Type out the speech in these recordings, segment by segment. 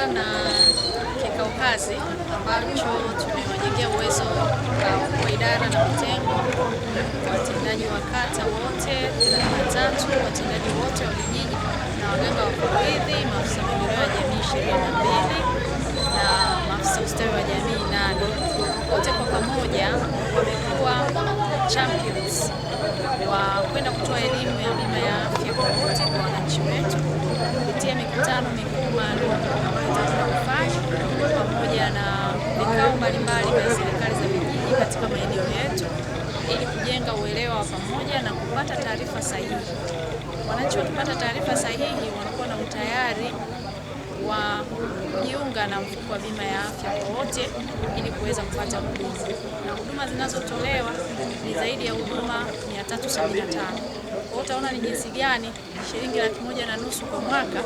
tutakuwa na kikao kazi ambacho tumewajengea uwezo uh, wa idara na vitengo, watendaji wa kata wote 33, watendaji wote wa vijiji na waganga wa kuridhi, maafisa maendeleo ya jamii ishirini na mbili na maafisa ustawi wa jamii nane, wote kwa pamoja wamekuwa champions wa kwenda kutoa elimu ya bima ya afya kwa wote kwa wananchi wetu kupitia mikutano wa pamoja na kupata taarifa sahihi. Wananchi wakipata taarifa sahihi, wanakuwa na utayari wa kujiunga na mfuko wa bima ya afya kwa wote ili kuweza kupata huduma, na huduma zinazotolewa ni zaidi ya huduma 375. Kwa utaona ni jinsi gani shilingi laki moja na nusu kwa mwaka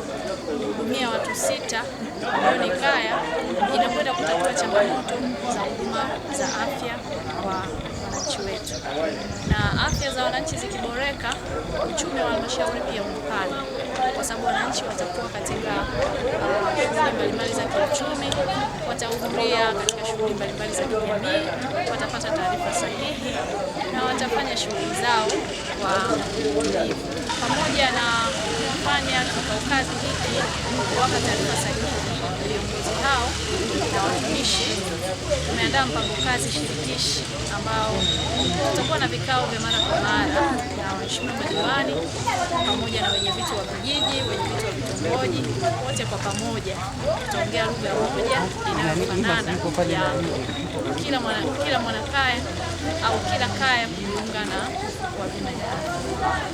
kuhudumia watu sita ambayo ni kaya inakwenda kutatua changamoto za huduma za afya kwa wananchi wetu, na afya za wananchi zikiboreka, uchumi wa halmashauri pia unapanda, kwa sababu wananchi watakuwa katika uh, shughuli mbalimbali za kiuchumi, watahudhuria katika shughuli mbalimbali za kijamii, watapata taarifa sahihi na watafanya shughuli zao kwa utulivu, pamoja na kufanya kazi hiki kuwapa taarifa sahihi viongozi hao na watumishi tumeandaa mpango kazi shirikishi ambao tutakuwa na vikao vya mara kwa mara na waheshimiwa madiwani pamoja na wenye viti wa vijiji, wenye viti wa kuhoji wote kwa pamoja, tutaongea lugha moja inayofanana kila mwana kila mwanakaya au kila kaya kujiunga na wapinadada.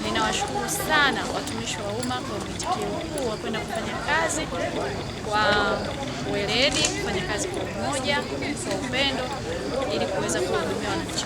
Ninawashukuru sana watumishi wa umma kwa mwitikio huu wa kwenda kufanya kazi kwa weledi, kufanya kazi kwa umoja, kwa upendo ili kuweza kuhudumia wananchi.